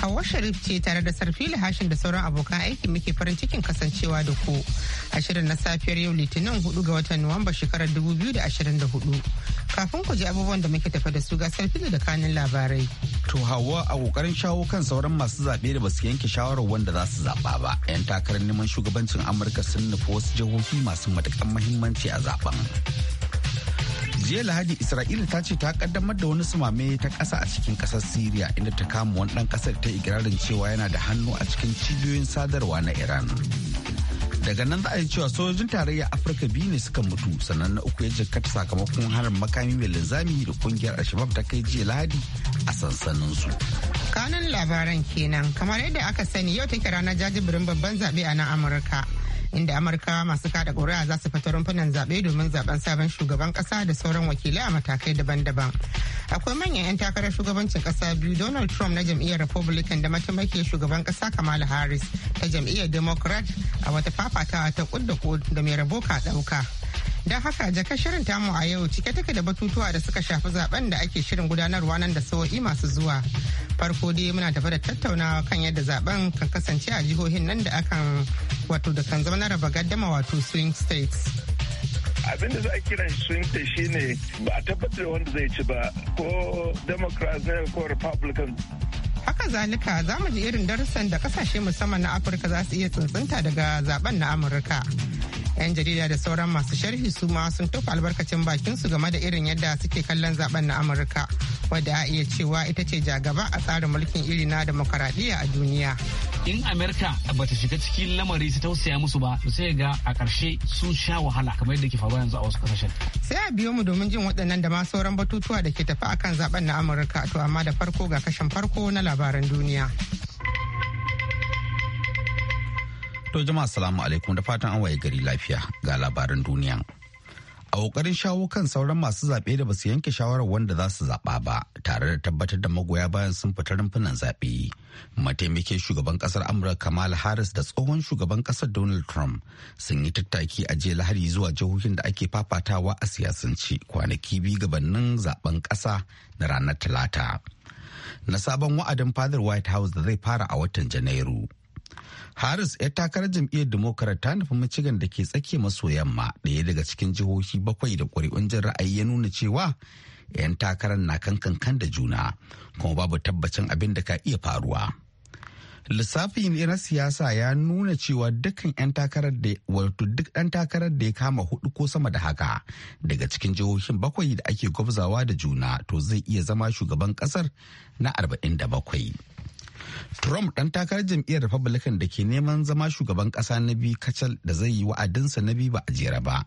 Hawa Sharif ce tare da sarfi Hashin da sauran abokan aiki muke farin cikin kasancewa da ku a shirin na safiyar yau Litinin 4 ga watan Nuwamba shekarar 2024. Kafin ku ji abubuwan da muke tafa da su ga Sarfi da kanin labarai. To Hawa a kokarin shawo kan sauran masu zaɓe da basu yanke shawarar wanda za su zaɓa ba. 'Yan takarar neman shugabancin Amurka sun nufi wasu jihohi masu matukan muhimmanci a zaɓen. jiya lahadi isra'ila ta ce ta kaddamar da wani sumame ta kasa a cikin kasar syria inda ta kama wani dan kasar ta ikirarin cewa yana da hannu a cikin cibiyoyin sadarwa na iran daga nan za a yi cewa sojojin tarayya afirka biyu ne suka mutu sannan na uku ya jikkata sakamakon harin makami mai linzami da kungiyar alshabab ta kai jiya lahadi a sansanin su kanun labaran kenan kamar yadda aka sani yau take ranar jajibirin babban zaɓe a nan amurka inda amurka masu kada ƙuri'a za su fita rumfunan zaɓe domin zaben sabon shugaban ƙasa da sauran wakilai a matakai daban-daban akwai manyan 'yan takarar shugabancin ƙasa biyu donald trump na jam'iyyar republican da mataimakin shugaban ƙasa kamala harris ta jam'iyyar democrat a wata fafatawa ta kud da mai rabo ka ɗauka Don haka jaka shirin tamu a yau cike take da batutuwa da suka shafi zaben da ake shirin gudanarwa nan da sawa'i masu zuwa. Farko dai muna tafi da tattaunawa kan yadda zaben kan kasance a jihohin nan da akan wato da kan zama na raba gaddama wato swing states. abin da za a kiran swing ta shine ba a tabbatar da wanda zai ci ba ko democrats ne ko republicans haka zalika za mu ji irin darussan da kasashe musamman na afirka za su iya tsuntsunta daga zaben na amurka 'yan jarida da sauran masu sharhi su ma sun tofa albarkacin bakin su game da irin yadda suke kallon zaben na amurka wadda a iya cewa ita ce jagaba a tsarin mulkin iri na demokaradiyya a duniya in amerika ba ta shiga cikin lamari su tausaya musu ba su sai ga a ƙarshe sun sha wahala kamar yadda ke faruwa yanzu a wasu kasashen sai a biyo mu domin jin waɗannan da ma sauran batutuwa da ke tafi akan zaben na amurka to amma da farko ga kashin farko na labaran duniya To jama'a salamu alaikum da fatan an waye gari lafiya ga labaran duniya. A kokarin shawo kan sauran masu zaɓe da basu yanke shawarar wanda za su zaɓa ba tare da tabbatar da magoya bayan sun fita rumfunan zaɓe. Mataimakin shugaban ƙasar Amurka Kamala Harris da tsohon shugaban ƙasar Donald Trump sun yi tattaki a jiya Lahadi zuwa jihohin da ake fafatawa a siyasance kwanaki biyu gabanin zaɓen ƙasa na ranar Talata. Na sabon wa'adin fadar White House da zai fara a watan Janairu. Harris ya takarar jam'iyyar Democrat ta nufi Michigan da ke tsakiya maso yamma ɗaya daga cikin jihohi bakwai da ƙuri'un jin ra'ayi ya nuna cewa 'yan takarar na kan kankan da juna kuma babu tabbacin abin da ka iya faruwa. Lissafin na siyasa ya nuna cewa dukkan 'yan takarar da wato duk yan takarar da ya kama hudu ko sama da haka daga cikin jihohin bakwai da ake gwabzawa da juna to zai iya zama shugaban kasar na arba'in da bakwai. Trump ɗan takarar jam'iyyar Republican da ke neman zama shugaban ƙasa na biyu kacal da zai yi wa'adinsa na biyu ba a jera ba.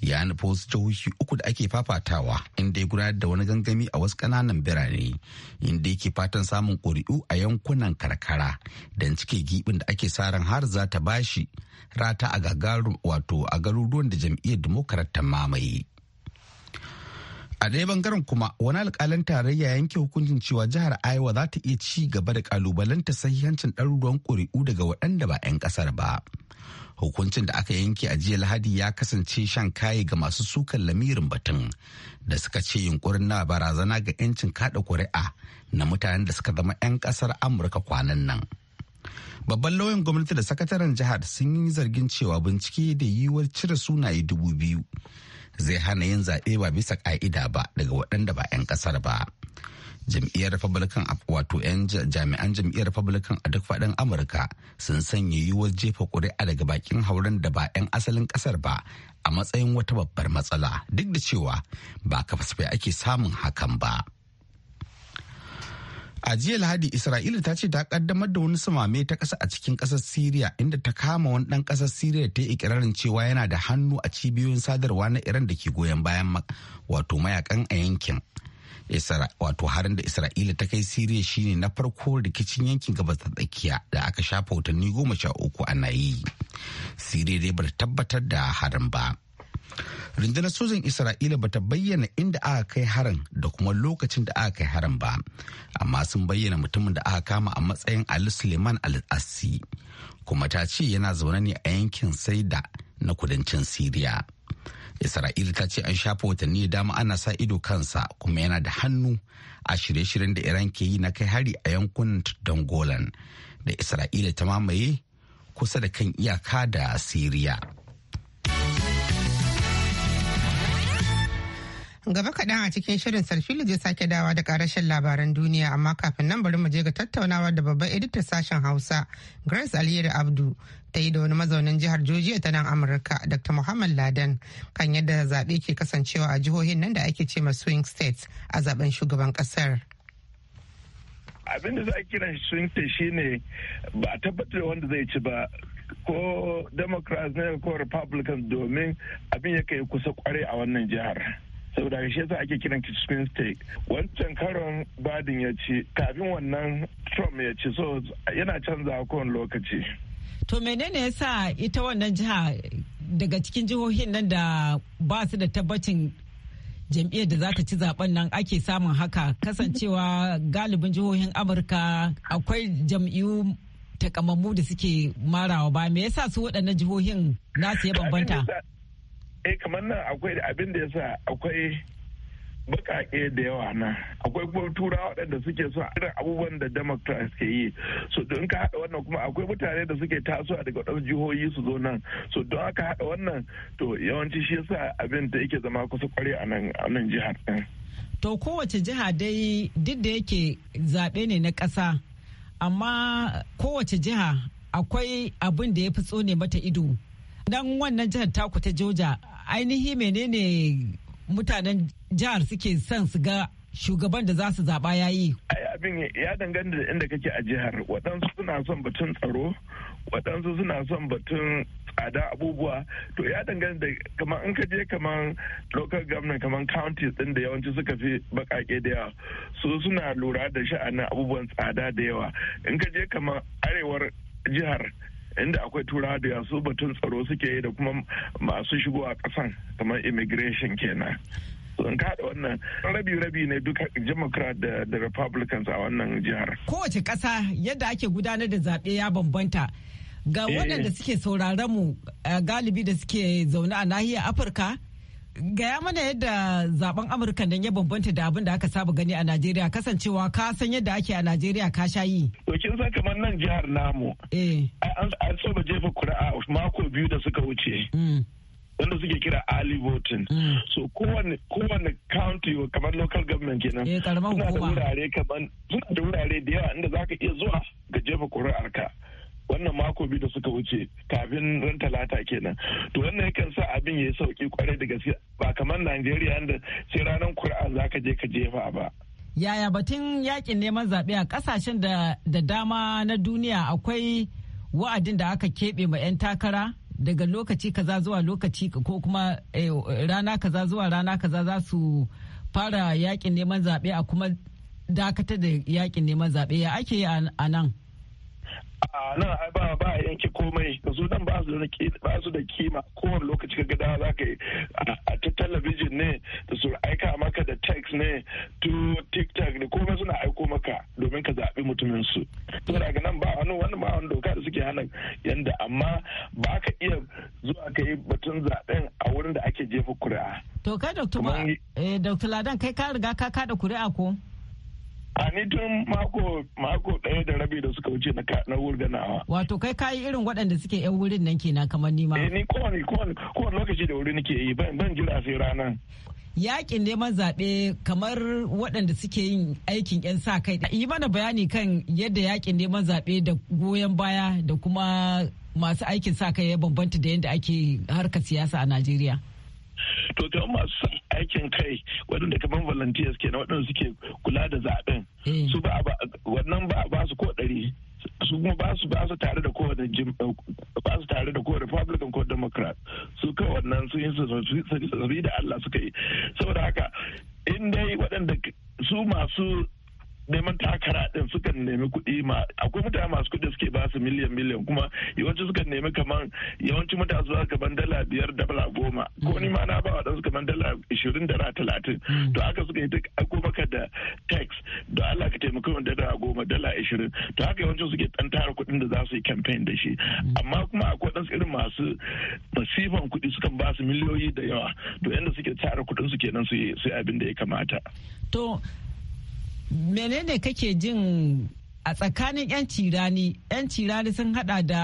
Ya nufa wasu jihohi uku da ake fafatawa inda ya gudanar da wani gangami a wasu ƙananan birane inda yake fatan samun ƙuri'u a yankunan karkara don cike giɓin da ake sa ran har za ta bashi rata a gagaru wato a garuruwan da jam'iyyar Democrat ta mamaye. a ɗaya bangaren kuma wani alkalin tarayya yanke hukuncin cewa jihar iowa za ta iya ci gaba da kalubalanta sahihancin ɗaruruwan ƙuri'u daga waɗanda ba 'yan ƙasar ba hukuncin da aka yanke a jiya lahadi ya kasance shan kayi ga masu sukan lamirin batun da suka ce yunkurin na barazana ga 'yancin kaɗa ƙuri'a na mutanen da suka zama 'yan ƙasar amurka kwanan nan babban lauyan gwamnati da sakataren jihar sun yi zargin cewa bincike da yiwuwar cire sunaye dubu biyu zai hana yin zaɓe ba bisa ƙa'ida ba daga waɗanda ba 'yan ƙasar ba. Jam'iyyar Republican wato 'yan jami'an jam'iyyar Republican a duk faɗin Amurka sun sanya yiwuwar jefa ƙuri'a daga bakin hauren da ba 'yan asalin ƙasar ba a matsayin wata babbar matsala duk da cewa ba kafasfai ake samun hakan ba. A jiya Lahadi Isra'ila ta ce ta kaddamar da wani samame ta ƙasa a cikin ƙasar Siriya inda ta kama wani dan ƙasar Siriya ta yi ikirarin cewa yana da hannu a cibiyoyin sadarwa na Iran da ke goyon bayan wato mayakan a yankin. wato harin da isra'ila ta kai siriya shine na farko rikicin yankin gabas ta tsakiya da aka shafa watanni goma sha uku a nayi. siriya dai bata tabbatar da harin ba rundunar sojin isra'ila bata bayyana inda aka kai harin da kuma lokacin da aka kai harin ba amma sun bayyana mutumin da aka kama a matsayin ali suleiman al-assi kuma ta ce yana zaune ne a yankin saida na kudancin siriya isra'ila ta ce an shafa watanni da dama ana sa ido kansa kuma yana da hannu a shirye-shiryen da iran ke yi na kai hari a yankunan dangolan da isra'ila ta mamaye kusa da kan iyaka da siriya Gaba kaɗan a cikin shirin sarfili zai sake dawa da ƙarashin labaran duniya amma kafin nan bari mu je ga tattaunawa da babban editar sashen Hausa Grace Aliyu Abdu ta yi da wani mazaunin jihar Jojiya ta nan Amurka Dr. Muhammad Laden kan yadda zaɓe ke kasancewa a jihohin nan da ake ce ma swing states a zaben shugaban ƙasar. Abin da za a kiran swing state shine ba a tabbatar wanda zai ci ba ko democrats ne ko republicans domin abin ya kai kusa kware a wannan jihar. saboda shi yasa ake kiran kitchen state wancan karon badin ya ce kafin wannan trump ya ci so yana canza kowane lokaci to menene ya sa ita wannan jiha daga cikin jihohin nan da ba su da tabbacin jam'iyyar da za ta ci zaben nan ake samun haka kasancewa galibin jihohin amurka akwai jam'iyyu takamammu da suke marawa ba me yasa su waɗannan jihohin nasu ya bambanta eh kamar nan akwai abin da yasa akwai bakake da yawa na akwai kuma turawa waɗanda suke so irin abubuwan da democrats ke yi so don ka haɗa wannan kuma akwai mutane da suke tasowa daga ɗan jihohi su zo nan so don aka haɗa wannan to yawanci shi yasa abin da yake zama kusa kware a nan jihar ɗin. to kowace jiha dai duk da yake zaɓe ne na ƙasa amma kowace jiha akwai abin da ya fi tsone mata ido dan wannan jihar taku ta joja ainihi menene mutanen jihar suke son su ga shugaban da za su zaɓa ya yi? abin ya danganta da inda kake a jihar waɗansu suna son batun tsaro waɗansu suna son batun tsada abubuwa to ya danganta da kamar in ka je kamar local government kamar counties ɗin da yawanci suka fi baƙaƙe da yawa su suna lura da sha'anin abubuwan tsada da yawa in ka je kamar arewar jihar inda akwai tura da yasu batun tsaro suke yi da kuma masu shigo a kasan kamar immigration kenan sun kada wannan rabi-rabi ne duka democrat da, da republicans a wannan jihar kowace kasa yadda ake gudanar da zaɓe ya bambanta ga eh. waɗanda suke sauraron mu eh, galibi da suke zaune a nahiyar afirka gaya mana yadda zaben amurka nan ya bambanta da abin da aka saba gani a najeriya kasancewa ka san yadda ake a najeriya ka sha yi to kin kamar nan jihar namu eh. an saba jefa kura'a mako biyu da suka wuce mm. wanda suke kira early voting mm. so kowane kowane county kamar local government kenan eh, suna da wurare kamar da wurare da yawa inda zaka iya zuwa ga jefa kuri'ar ka wannan mako biyu da suka wuce kafin ran talata kenan to wannan yakan sa abin ya yi sauki kwarai da gaske ba kamar najeriya inda sai ranar kur'an za ka je ka jefa ba yaya batun yakin neman zaɓe a ƙasashen da dama na duniya akwai wa'adin da aka keɓe ma 'yan takara daga lokaci kaza zuwa lokaci ko kuma eh, rana kaza zuwa rana kaza za su fara yakin neman zaɓe a kuma dakatar da yakin neman zaɓe ya ake yi a nan. a nan ai ba ba yanke komai yanzu nan ba su da ba su da kima kowane lokaci ka gada za ka yi a ta talabijin ne da su aika maka da text ne to tiktok da komai suna aiko maka domin ka zaɓi mutumin su to daga nan ba wani wani ba wani doka da suke hana yanda amma ba ka iya zuwa ka yi batun zaɓen a wurin da ake jefa kuri'a to kai dr eh, ladan kai ka riga ka kada kuri'a ko a ni tun mako mako ɗaya da rabi da suka wuce na wurganawa. Wato kai kayi irin waɗanda suke yan wurin nan kenan kamar nima ma. Eh ni kowane kowane kowane lokaci da wuri nake yi ban ban jira sai ranan Yakin neman zaɓe kamar waɗanda suke yin aikin 'yan sa kai. Yi mana bayani kan yadda yakin neman zaɓe da goyon baya da kuma masu aikin sa kai ya bambanta da yadda ake harkar siyasa a Najeriya. to ta masu son aikin kai waɗanda kamar volunteers ke na waɗanda suke kula da zaɓen eh. su ba wannan ba ba su ko ɗari su kuma ba su ba su tare da kowane eh, ba su tare da kowane republican ko democrat su kai wannan su yi su da Allah suka yi saboda haka in dai waɗanda su masu neman takara din sukan nemi kuɗi ma akwai mutane masu kuɗi suke ba su miliyan miliyan kuma yawanci sukan nemi kaman yawanci mutane su kaman dala biyar bala goma ko ni ma na ba wa ɗansu kaman dala ishirin dala talatin hmm. to haka suka yi ta aiko maka da tax da Allah ka taimaka wanda dala goma dala ishirin to haka yawanci suke ɗan tara kuɗin da za su yi campaign da shi amma kuma akwai ɗansu irin masu masifan kuɗi sukan ba su miliyoyi da yawa to yanda suke tara kuɗin su kenan su yi abin da ya kamata. To menene kake jin a tsakanin 'yan cirani 'yan cirani sun hada da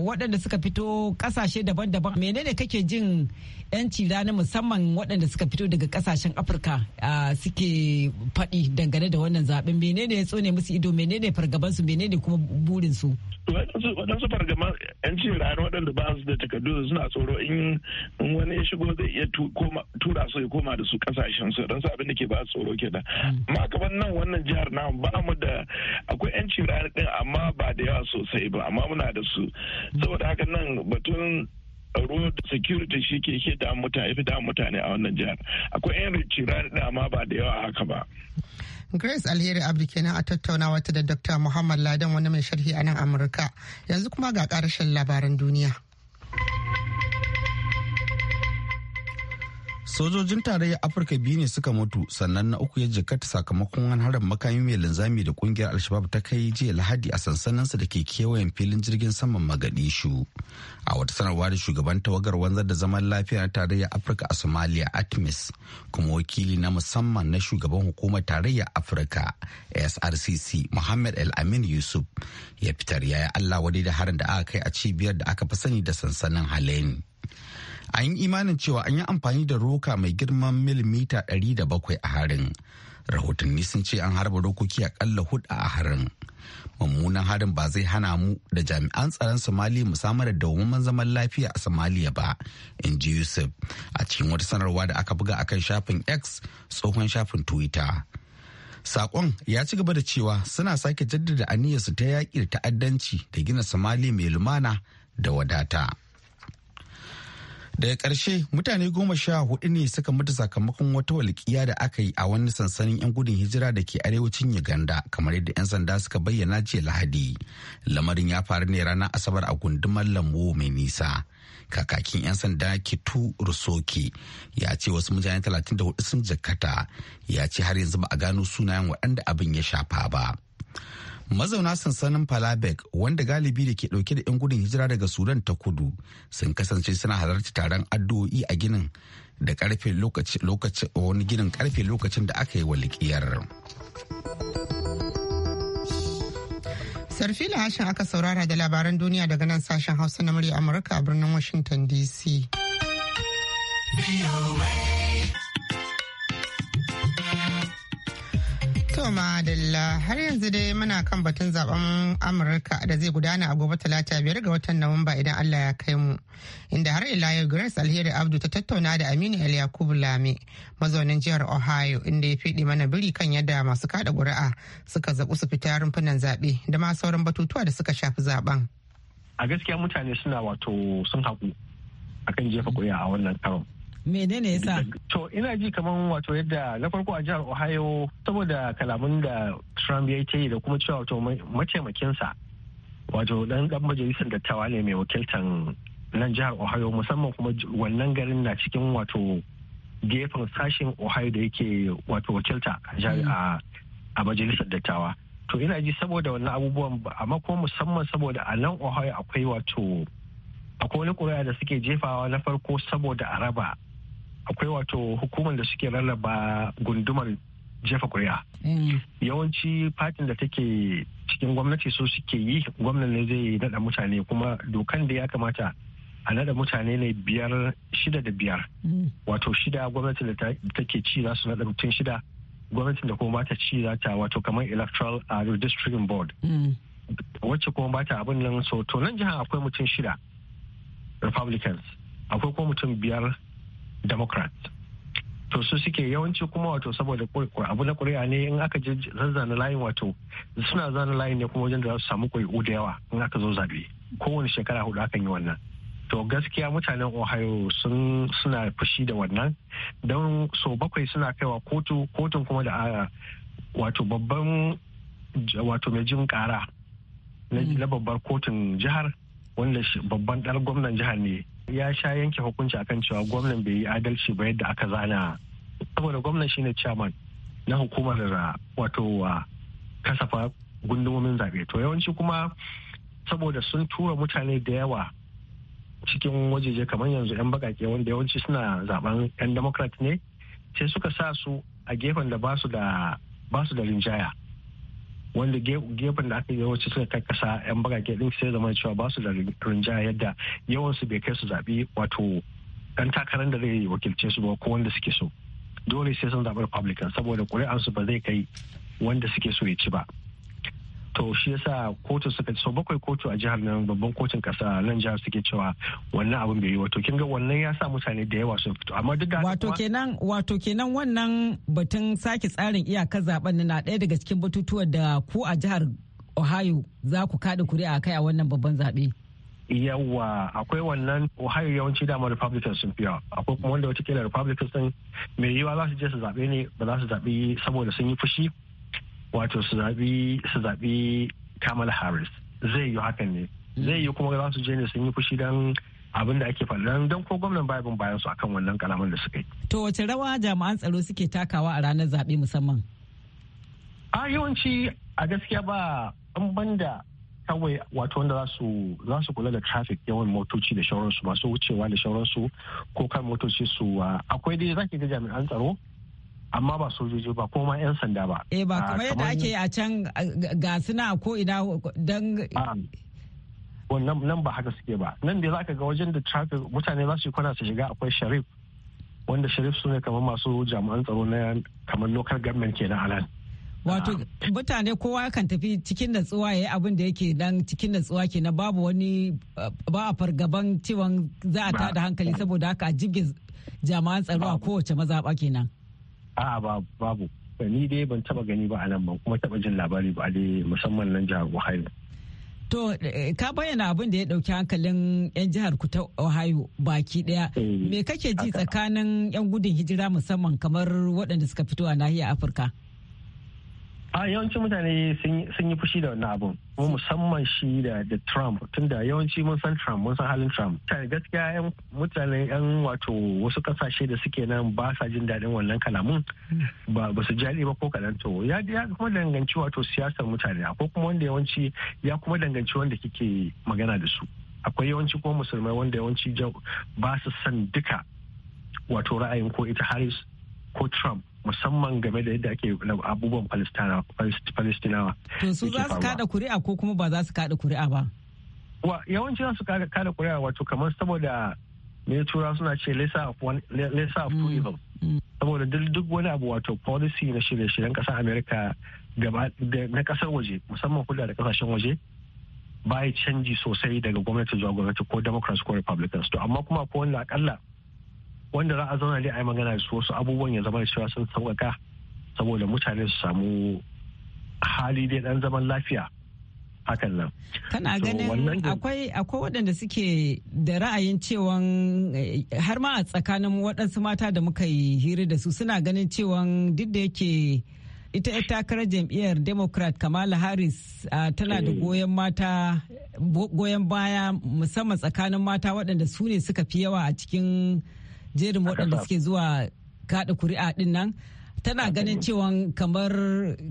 waɗanda suka fito ƙasashe daban-daban menene kake jin 'yan cirani musamman waɗanda suka fito daga ƙasashen afirka suke faɗi dangane da wannan zaɓen menene ya tsone musu ido menene fargabansu menene kuma burinsu waɗansu fargaban 'yan cirani waɗanda ba su da takardu suna tsoro in wani ya shigo zai iya tura su ya koma da su ƙasashen su don su abin da ke ba su tsoro kenan hmm. amma kamar nan wannan jihar na ba mu da akwai 'yan inganci rani din amma ba da yawa sosai ba amma muna da su saboda haka nan batun road security shi ke ke da mutane fi da mutane a wannan jihar akwai yan rani din amma ba da yawa haka ba Grace Alheri Abdi kenan a tattaunawa ta da Dr. Muhammad Ladan wani mai sharhi a nan Amurka yanzu kuma ga ƙarashin labaran duniya. sojojin tarayyar afirka biyu ne suka mutu sannan na uku ya jikata sakamakon wani harin makami mai linzami da kungiyar alshabab ta kai jiya lahadi a sansaninsa da ke kewayen filin jirgin saman magadishu a wata sanarwa da shugaban tawagar wanzar da zaman lafiya na tarayyar afirka a somalia atmis kuma wakili na musamman na shugaban hukumar tarayyar afirka srcc muhammad el amin yusuf ya fitar yaya allah wadai da harin da aka kai a cibiyar da aka fi sani da sansanin halen an yi imanin cewa an yi amfani da roka mai girman milimita 700 a harin rahotanni sun ce an harba rokoki akalla hudu a harin mummunan harin ba zai hana mu da jami'an tsaron somali mu da dawwammamen zaman lafiya a somaliya ba in ji yusuf a cikin wata sanarwa da aka buga akan shafin x tsohon shafin twitter Sakon ya ci gaba da cewa suna sake jaddada aniyarsu ta yaƙi da ta'addanci da gina Somali mai lumana da wadata. daga ƙarshe mutane goma sha hudu ne suka mutu sakamakon wata walƙiya da aka yi a wani sansanin 'yan gudun hijira da ke arewacin uganda kamar yadda 'yan sanda suka bayyana jiya lahadi lamarin ya faru ne ranar asabar a gundumar lambu mai nisa kakakin 'yan sanda kitu rusoki ya ce wasu mutane 34 sun jakata ya ce har yanzu ba a gano sunayen waɗanda abin ya shafa ba mazauna sansanin palabek wanda galibi da ke dauke da 'yan gudun hijira daga sudan ta kudu sun kasance suna halarci taron addu'o'i a ginin da karfe wani ginin karfe lokacin da aka yi wa likiyar sarfila hashin aka saurara da labaran duniya daga nan sashen hausa na murya amurka a birnin washington dc To madalla har yanzu dai muna kan batun zaben Amurka da zai gudana a gobe talata biyar ga watan Nuwamba idan Allah ya kai mu. Inda har ila yau Grace Alheri Abdu ta tattauna da Aminu El Yakubu Lame mazaunin jihar Ohio inda ya fiɗi mana biri kan yadda masu kada ƙuri'a suka zaɓi su fita rumfunan zaɓe da ma sauran batutuwa da suka shafi zaben. A gaskiya mutane suna wato sun haƙu akan jefa ƙuri'a a wannan karon. menene yasa to ina ji kamar wato yadda na farko a jihar ohio saboda kalamun da trump ya yi da kuma cewa wato mataimakinsa wato dan dan majalisar dattawa ne mai wakiltan nan jihar ohio musamman kuma wannan garin na cikin wato gefen sashen ohio da yake wato wakilta mm. a majalisar dattawa to ina ji saboda wannan abubuwan amma kuma musamman saboda a nan ohio akwai wato akwai wani ƙuri'a da suke jefawa na farko saboda a raba akwai wato hukumar da suke rarraba gundumar jefa kuri'a mm. yawanci fatin da take cikin gwamnati so suke yi gwamnan ne zai nada mutane kuma dokan da ya kamata a nada mutane ne biyar shida da biyar mm. wato shida gwamnati da take ci za su nada mutum shida gwamnati da kuma bata ci za ta wato kamar electoral uh, redistricting board mm. wacce kuma bata abin nan so to nan jihar akwai mutum shida republicans akwai kuma mutum biyar democrat to su suke yawanci kuma wato saboda abu na kuri'a ne in aka je zazzana layin wato suna zana layin ne kuma wajen da za su samu kuri'u da yawa in aka zo zabe kowane shekara hudu akan yi wannan to gaskiya mutanen ohio sun suna fushi da wannan don so bakwai suna kaiwa kotu kotun kuma da ah, wato babban wato mai jin kara mm. na babbar kotun jihar wanda babban ɗan gwamnan jihar ne ya sha yanke hukunci akan cewa gwamnan bai yi adalci ba yadda aka zana saboda gwamnan shine chairman na hukumar da uh, wato uh, kasafa gundumomin zabe to yawanci kuma saboda sun tura mutane da yawa cikin wajeje kamar yanzu 'yan bakake wanda yawanci suna zaben 'yan democrat ne sai suka sa su a gefen da da basu da rinjaya wanda gefen da aka yi yawanci suka kai kasa yan bagage din sai zama cewa ba su da rinjaya yadda yawan su bai kai su zaɓi wato dan takarar da zai wakilce su ba ko wanda suke so dole sai sun zaɓi republican saboda ƙuri'ansu ba zai kai wanda suke so ya ci ba to shi yasa kotu suka so bakwai kotu a jihar nan babban kotun kasa nan jihar suke cewa wannan abin bai yi wato kin ga wannan ya sa mutane da yawa sun fito amma duk da wato kenan wato kenan wannan batun sake tsarin iyakar zaben na ɗaya daga cikin batutuwan da ku a jihar Ohio za ku kada kuri'a kai a wannan babban zaɓe. yawa akwai wannan ohio yawanci dama republicans sun fiya akwai kuma wanda kila republicans sun mai yiwa za su je su zaɓe ne ba za su zaɓe saboda sun yi fushi wato su zaɓi kamala harris zai yi hakan ne zai yi kuma za su je ne sun yi fushi don abin da ake faɗa don ko gwamnan baya bayan su akan wannan kalaman da suka yi. To wace rawa jami'an tsaro suke takawa a ranar zaɓe musamman? A yawanci a gaskiya ba an banda kawai wato wanda za su kula da traffic yawan motoci da shauransu masu wucewa da shauransu ko kan motoci su akwai dai zaki ga jami'an tsaro amma ba sojoji ba ko ma 'yan sanda ba. Eh ba ah, kamar yadda ake a can ah, ga suna ko ina don. Ah, Wannan nan ba haka suke ba nan da zaka ga wajen da traffic mutane za su yi kwana su shiga akwai sharif wanda sharif su ne kamar masu jami'an tsaro na kamar local government ke na nan. Wato mutane kowa kan tafi cikin natsuwa ya yi abin da yake dan cikin natsuwa ke na babu wani ba a fargaban cewan za a tada hankali saboda haka a jibge jami'an tsaro a kowace mazaɓa kenan. a'a babu ni dai ban taba gani ba a nan ban kuma taba jin labari ba dai musamman nan jihar ohio to eh, ka bayyana abin da ya dauki hankalin yan jihar ku ta ohio baki daya eh, me kake ji tsakanin yan gudun hijira musamman kamar waɗanda suka fito a nahiyar afirka a yawancin mutane sun yi fushi da wannan abun kuma musamman shi da da Trump tunda yawanci mun san Trump mun san halin Trump ta gaskiya yan mutane yan wato wasu kasashe da suke nan ba sa jin daɗin wannan kalamun ba ba su jaɗi ba ko kadan to ya kuma danganci wato siyasar mutane ko kuma wanda yawanci ya kuma danganci wanda kike magana da su akwai yawanci ko musulmai wanda yawanci ba su san duka wato ra'ayin ko ita Harris ko Trump musamman game da yadda ake abubuwan palestinawa to su za su kada kuri'a ko kuma ba za su kada kuri'a ba wa yawanci za su kada kuri'a wato kamar saboda me tura suna ce lesser of two mm, evil. Mm. saboda duk wani abu wato policy na shirye-shiryen kasar america na kasar waje musamman kula da kasashen waje ba ya canji sosai daga gwamnati zuwa gwamnati ko democrats ko republicans to amma kuma ko wani akalla wanda za a zauna dai a yi magana da su wasu abubuwan ya zama da cewa sun sauƙaƙa saboda mutane su samu hali dai ɗan zaman lafiya hakan nan. Kana ganin akwai waɗanda suke da ra'ayin cewa eh, har ma a tsakanin waɗansu mata da muka yi hira da su suna ganin cewan duk da yake ita takarar jam'iyyar democrat kamala harris tana da eh. goyon mata goyon baya musamman tsakanin mata waɗanda su ne suka fi yawa a cikin jerin waɗanda suke zuwa kaɗa kuri'a ɗin nan tana ganin cewa kamar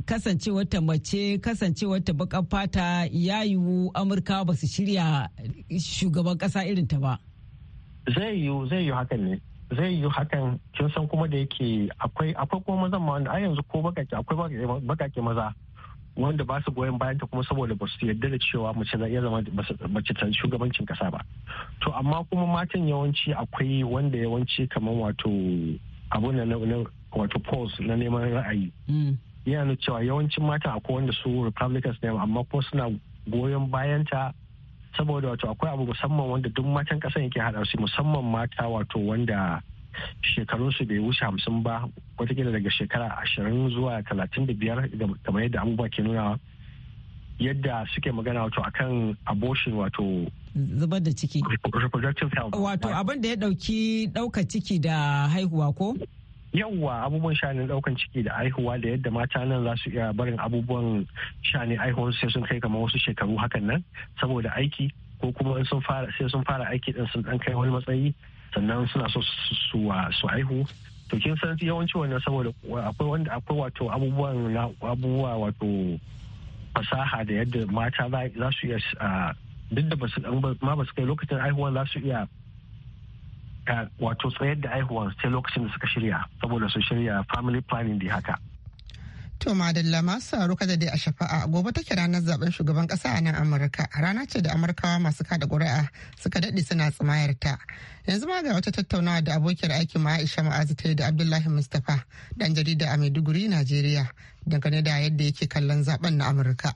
kasancewar ta mace kasancewar ta baƙar fata ya yiwu amurka ba su shirya shugaban ƙasa irin ta ba zai yiwu zai yiwu hakan ne zai yiwu hakan kin san kuma da yake akwai akwai kuma mazan ma wanda a yanzu ko bakake akwai bakake maza wanda ba su goyon bayan ta kuma saboda ba su yarda da cewa mace na iya zama mace ta shugabancin kasa ba to amma kuma matan yawanci akwai wanda yawanci kamar wato abu na wato polls na neman ra'ayi hmm. yana cewa yawancin mata akwai wanda su republicans ne amma ko suna goyon bayan ta saboda wato akwai abu musamman wanda duk matan kasan yake hada su musamman mata wato wanda shekarunsu bai wuce hamsin ba watakila daga shekara ashirin zuwa talatin da biyar kamar yadda abubuwa ke nuna yadda suke magana wato akan abortion wato zubar da ciki wato abin da ya dauki dauka ciki da haihuwa ko yawwa abubuwan shanin daukan ciki da haihuwa da yadda mata nan za su iya barin abubuwan shanin haihuwar sai sun kai kamar wasu shekaru hakan nan saboda aiki ko kuma in sun fara sai sun fara aiki din sun dan kai wani matsayi sannan suna so su haihu to kin san yawanci wannan saboda akwai wanda akwai wato abubuwan na abubuwa wato fasaha da yadda mata za su iya duk da basu ma basu kai lokacin haihuwa za su iya wato tsayar da haihuwa sai lokacin da suka shirya saboda su shirya family planning da haka To madalla masu roƙa da dai a shafa'a gobe take ranar zaben shugaban kasa a nan Amurka. Rana ce da Amurkawa masu kada ƙuri'a suka daɗe suna tsimayar ta. Yanzu ma ga wata tattaunawa da abokiyar aikin ma Aisha Ma'azu ta da Abdullahi Mustapha dan jarida a Maiduguri Najeriya dangane da yadda yake kallon zaben na Amurka.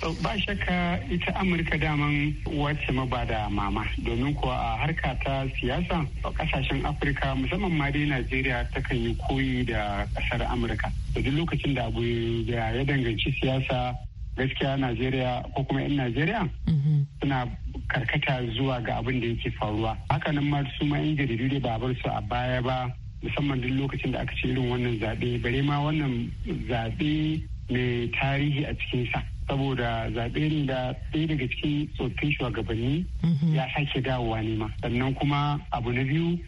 ba shakka ita amurka daman wacce ba da mama domin kuwa a harka ta siyasa a kasashen afirka musamman ma dai najeriya ta kan yi koyi da kasar amurka da duk lokacin da abu ya danganci siyasa gaskiya najeriya ko kuma 'yan najeriya mm-hmm. suna karkata zuwa ga abin da yake faruwa hakanan ma su ma 'yan jaridu dai ba bar su a baya ba musamman duk lokacin da aka ce irin wannan zaɓe bare ma wannan zaɓe mai tarihi a cikinsa saboda zaɓe da ɗaya daga cikin tsoffin shugabanni mhm. ya sake dawowa ne ma sannan kuma abu na biyu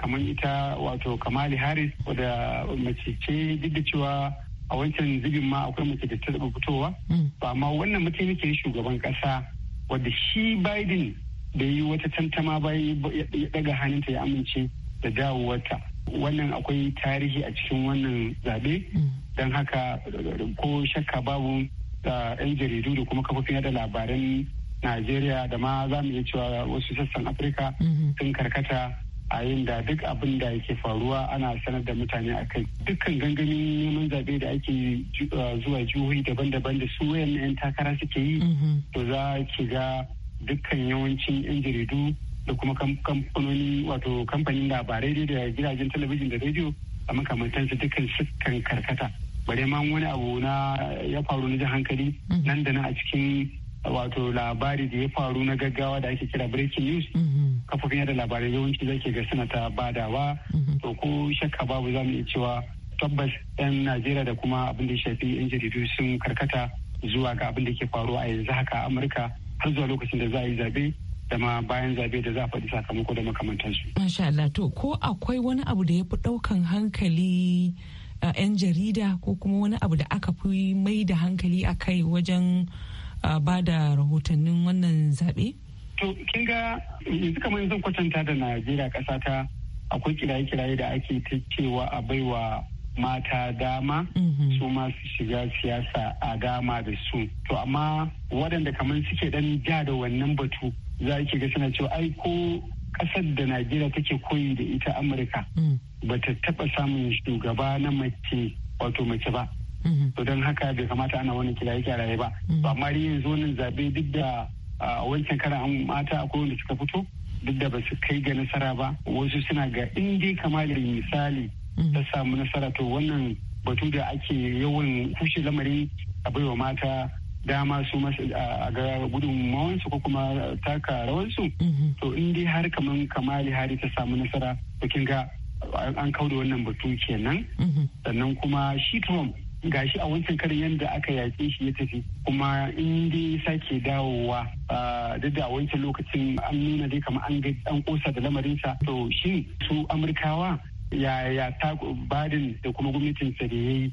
kamar ita wato kamali harris wadda mace ce duk da cewa a wancan zubin ma akwai mace da ta taɓa fitowa ba mm. amma wannan mataimakin shugaban ƙasa wadda shi biden da yi wata tantama bayan ya ɗaga hannunta ya amince da dawowarta wannan akwai tarihi a cikin wannan zaɓe mm. don haka ko shakka babu 'yan jaridu da kuma kafofin yada labaran najeriya da ma za mu iya cewa wasu sassan afirka mhm. sun karkata a yin da duk abin da yake faruwa ana sanar da mutane a kai dukkan gangami neman zaɓe da ake uh, zuwa jihohi daban-daban da su wayan 'yan takara suke yi mhm. to za ki ga dukkan yawancin 'yan jaridu da kuma kamfanoni wato kamfanin labarai da gidajen talabijin da rediyo a makamantansu dukkan sukan karkata bare ma wani abu na ya faru na jan hankali mhm. nan da nan a cikin wato labari da ya faru na gaggawa da ake kira breaking news mhm. kafofin yada labarai yawanci zai ke ga suna ta badawa mhm. to ko shakka babu za mu iya cewa tabbas yan najeriya da kuma abin da shafi yan jaridu sun karkata zuwa ga abin da ke faruwa a yanzu haka amurka har zuwa lokacin da za a yi zabe da ma bayan zabe da za a faɗi sakamako da makamantansu. Masha Allah to ko akwai wani abu da ya fi ɗaukan hankali 'yan jarida ko kuma wani abu da aka fi mai da hankali a kai wajen ba da rahotannin wannan zaɓe? To, kin ga yanzu kamar zan kwatanta da Najeriya ƙasa ta akwai kiraye-kiraye da ake ta cewa a baiwa mata dama mhm. su ma shiga siyasa a dama da su. To, amma waɗanda kamar suke ɗan ja da wannan batu za ki ga suna cewa ai ko kasar da najeriya take koyi da ita amurka mm. ba ta taɓa samun shugaba na mace wato mace ba mm-hmm. to don haka bai kamata ana wani kiraye kiraye ba ba mm-hmm. ma yanzu wannan zaɓe duk da wancan karan an mata akwai wanda suka fito duk da ba su kai ga nasara ba wasu suna ga in dai kamar misali mm-hmm. ta samu nasara to wannan batu da ake yawan kushe lamari a baiwa mata dama su a ga gudunmawansu ko kuma taka rawansu mhm. to in dai har kaman kamali hari ta samu nasara to kin ga an da wannan batu kenan mhm. sannan kuma shi ga gashi a wancan karin yadda aka yaƙe shi ya tafi kuma in dai sake dawowa duk da wancan lokacin an nuna dai kamar an kosa da lamarinsa to shi su amurkawa ya ya ta badin da kuma gwamnatin sa da ya yi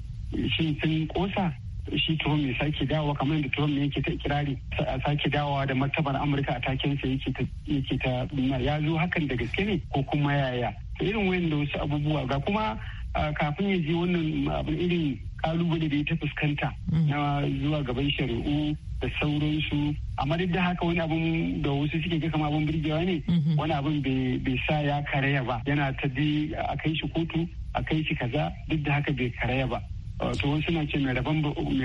shin sun kosa shi Trump ya sake dawowa kamar yadda Trump ne yake ta ikirari a sake dawowa da martabar Amurka a takensa yake ta yake ya zo hakan da gaske ne ko kuma yaya irin wayan da wasu abubuwa ga kuma kafin ya je wannan abin irin kalubale da ya ta fuskanta mm. na zuwa gaban shari'u da sauransu amma duk da haka wani abun da wasu suke ga kama abun birgewa ne mm-hmm. wani abun bai sa ya karaya ba yana ta a kai shi kotu a kai shi kaza duk da haka bai karaya ba wato wasu na ce mai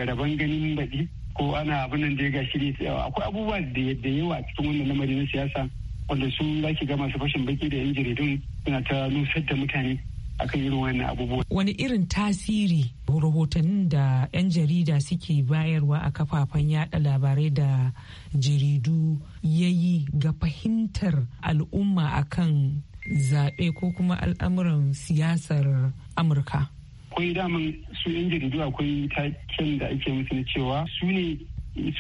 rabon ganin baɗi ko ana abin da ya ga shiri akwai abubuwa da yawa cikin wannan lamari na siyasa wanda su za ki ga masu fashin baki da yan jaridun suna ta nusar da mutane akan irin wannan abubuwa. Wani irin tasiri rahotannin da 'yan jarida suke bayarwa a kafafen yada labarai da jaridu ya yi ga fahimtar al'umma akan zaɓe ko kuma al'amuran siyasar Amurka. akwai daman su yan jaridu akwai taken da ake musu na cewa su ne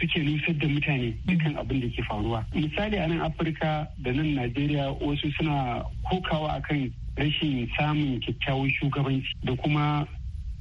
suke nusar da mutane kan abin da ke faruwa misali a nan afirka da nan najeriya wasu suna kokawa akan rashin samun kyakkyawan shugabanci da kuma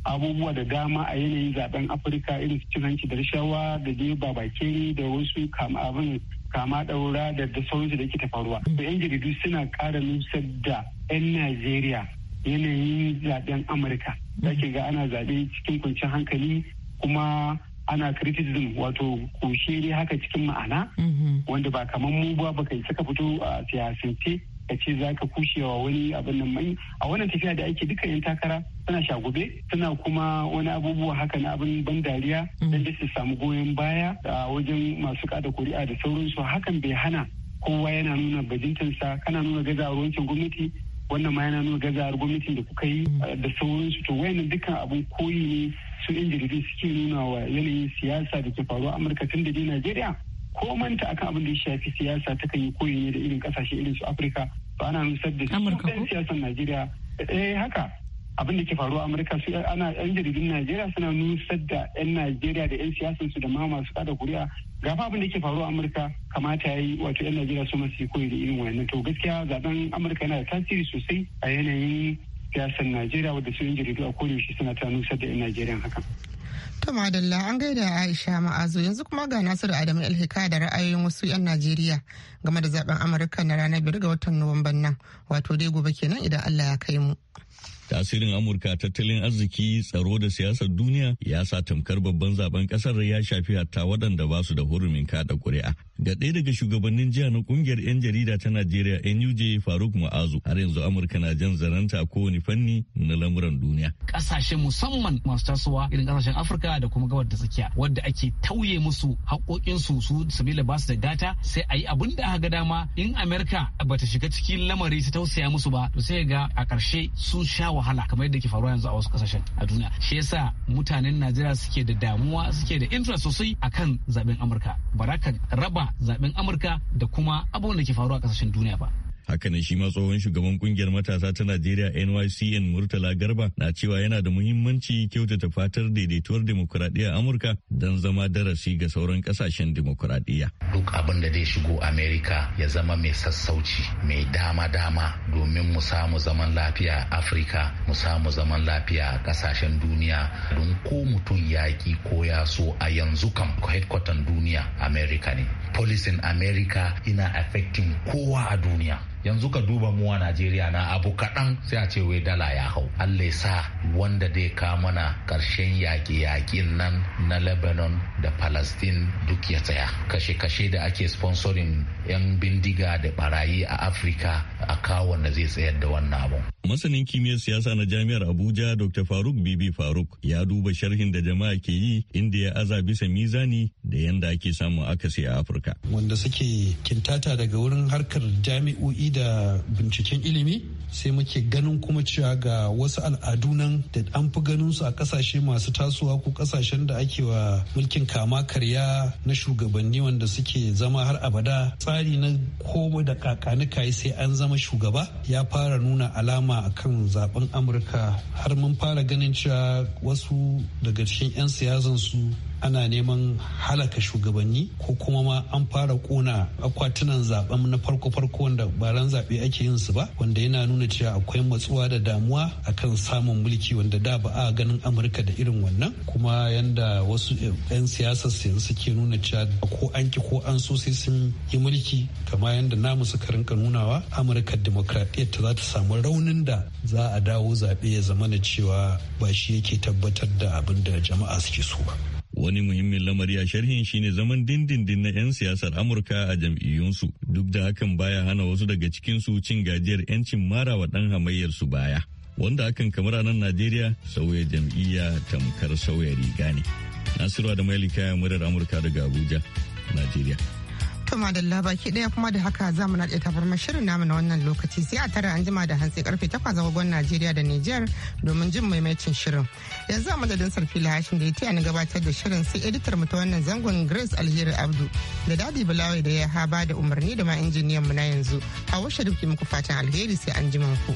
abubuwa da dama a yanayin zaben afirka irin su hanci da rashawa da dai babakere da wasu kama abin kama daura da da sauransu da ke ta faruwa da yan jaridu suna kara nusar da yan najeriya yanayin zaɓen amurka ke ga ana zaɓe cikin kwanciyar hankali kuma ana criticism wato kushe ne haka cikin ma'ana mhm. wanda ba kamar mu ba baka yi saka fito a siyasance ka ce za ka kushewa wani abin nan mai a wannan tafiya da ake duka yan takara suna shagube suna kuma wani abubuwa haka na abin ban dariya mhm. don su samu goyon baya a wajen masu kada kuri'a da sauransu hakan bai hana kowa yana nuna bajintansa kana nuna gazawar wancan gwamnati wannan ma yana nuna gazawar gwamnatin da kuka yi mm. da sauransu to wayannan dukkan abin koyi ne su yan jaridu suke nuna wa yanayin siyasa da ke faruwa amurka tun da dai najeriya ko manta akan abin da ya shafi siyasa ta kan yi koyi ne da irin kasashe irin su afirka ba ana nusar da su siyasan najeriya eh haka abin da ke faruwa amurka su ana yan jaridun najeriya suna nusar da yan najeriya da yan siyasansu su da ma masu kada kuri'a gafa abin da ke faruwa amurka kamata ya yi wato yan najeriya su masu koyi da irin wannan to gaskiya zaben amurka yana da tasiri sosai a yanayin siyasar najeriya wadda su yan jaridu a shi suna ta nusar da yan najeriya hakan ta madalla an gaida Aisha ma'azu yanzu kuma ga Nasiru Adamu Alhika da ra'ayoyin wasu 'yan Najeriya game da zaben Amurka na ranar biyar ga watan Nuwamban nan wato dai gobe kenan idan Allah ya kai mu. Tasirin Amurka tattalin arziki tsaro da siyasar duniya ya sa tamkar babban zaben kasar ya shafi hatta waɗanda ba su da hurumin kada ƙuri'a. ga ɗaya daga shugabannin jiya na kungiyar 'yan jarida ta Najeriya NUJ Faruk Ma'azu har yanzu Amurka na jan zaranta a kowane fanni na lamuran duniya. Ƙasashe musamman masu tasowa irin ƙasashen Afirka da kuma gabar da tsakiya wadda ake tauye musu haƙoƙinsu su sabila ba su da gata sai a yi abin da aka dama in amurka ba ta shiga cikin lamari ta tausaya musu ba to sai ga a ƙarshe sun sha wahala kamar yadda ke faruwa yanzu a wasu ƙasashen a duniya. Shi yasa mutanen Najeriya suke da damuwa suke da interest sosai akan zaben Amurka. Ba raba zaben amurka da kuma abubuwan da ke faruwa a kasashen duniya ba hakanan shi ma tsohon shugaban kungiyar matasa ta najeriya nycn murtala garba na cewa yana da muhimmanci kyautata fatar daidaituwar demokuraɗiyya amurka don zama darasi ga sauran kasashen demokuraɗiyya duk abin da zai shigo amerika ya zama mai sassauci mai dama-dama domin mu samu zaman lafiya a afirka mu samu zaman lafiya a kasashen duniya don ko mutum yaƙi ko ya so a yanzu kam headquarter duniya amerika ne in America ina affecting kowa a duniya yanzu ka duba mu a najeriya na abu kaɗan sai a ce wai dala ya hau allah ya sa wanda dai ka mana ƙarshen yaƙi-yaƙin nan na lebanon da palestine duk ya tsaya kashe-kashe da ake sponsorin 'yan bindiga da barayi a afirka a kawo da zai tsayar da wannan abu masanin kimiyyar siyasa na jami'ar abuja dr faruk bibi faruk ya duba sharhin da jama'a ke yi inda ya aza bisa mizani da yanda ake samun akasi a afirka wanda suke kintata daga wurin harkar jami'o'i da binciken ilimi sai muke ganin kuma cewa ga wasu al'adu nan da an fi ganin su a kasashe masu tasowa ko kasashen da ake wa mulkin kama karya na shugabanni wanda suke zama har abada tsari na komo da kakanika sai an zama shugaba ya fara nuna alama a kan zaben amurka har mun fara ganin cewa wasu daga cikin 'yan siyasan su ana neman halaka shugabanni ko kuma ma an fara kona akwatunan zaben na farko-farko wanda baran zaɓe ake yin su ba wanda yana nuna cewa akwai matsuwa da damuwa akan samun mulki wanda da ba a ganin amurka da irin wannan kuma yanda wasu 'yan siyasa suke nuna cewa ko an ki ko an so sai sun yi mulki kama yanda namu suka rinka nunawa amurka demokradiyyar ta za ta samu raunin da za a dawo zaɓe ya zamana cewa ba shi yake tabbatar da abin da jama'a suke so ba. Wani muhimmin lamari a sharhin shine zaman dindindin na 'yan siyasar Amurka a jam'iyyunsu duk da hakan baya hana wasu daga cikinsu cin gajiyar 'yancin marawa ɗan su baya. Wanda hakan kamar a nan Najeriya sauya jam'iyya tamkar sauya riga ne. Nasiru da Mailika murar Amurka daga Abuja, Najeriya. Tuma da baki daya kuma da haka za mu naɗe tafar shirin namu na wannan lokaci sai a tara an jima da hantsi karfe 8 zagogon Najeriya da niger domin jin maimaicin shirin. Yanzu a madadin sarfi lahashin da ya taya ni gabatar da shirin sai editar mu ta wannan zangon Grace Alheri Abdu da Dadi Bulawai da ya haba da umarni da ma injiniyan mu na yanzu. Hawa Sharif ki muku fatan alheri sai an jima ku.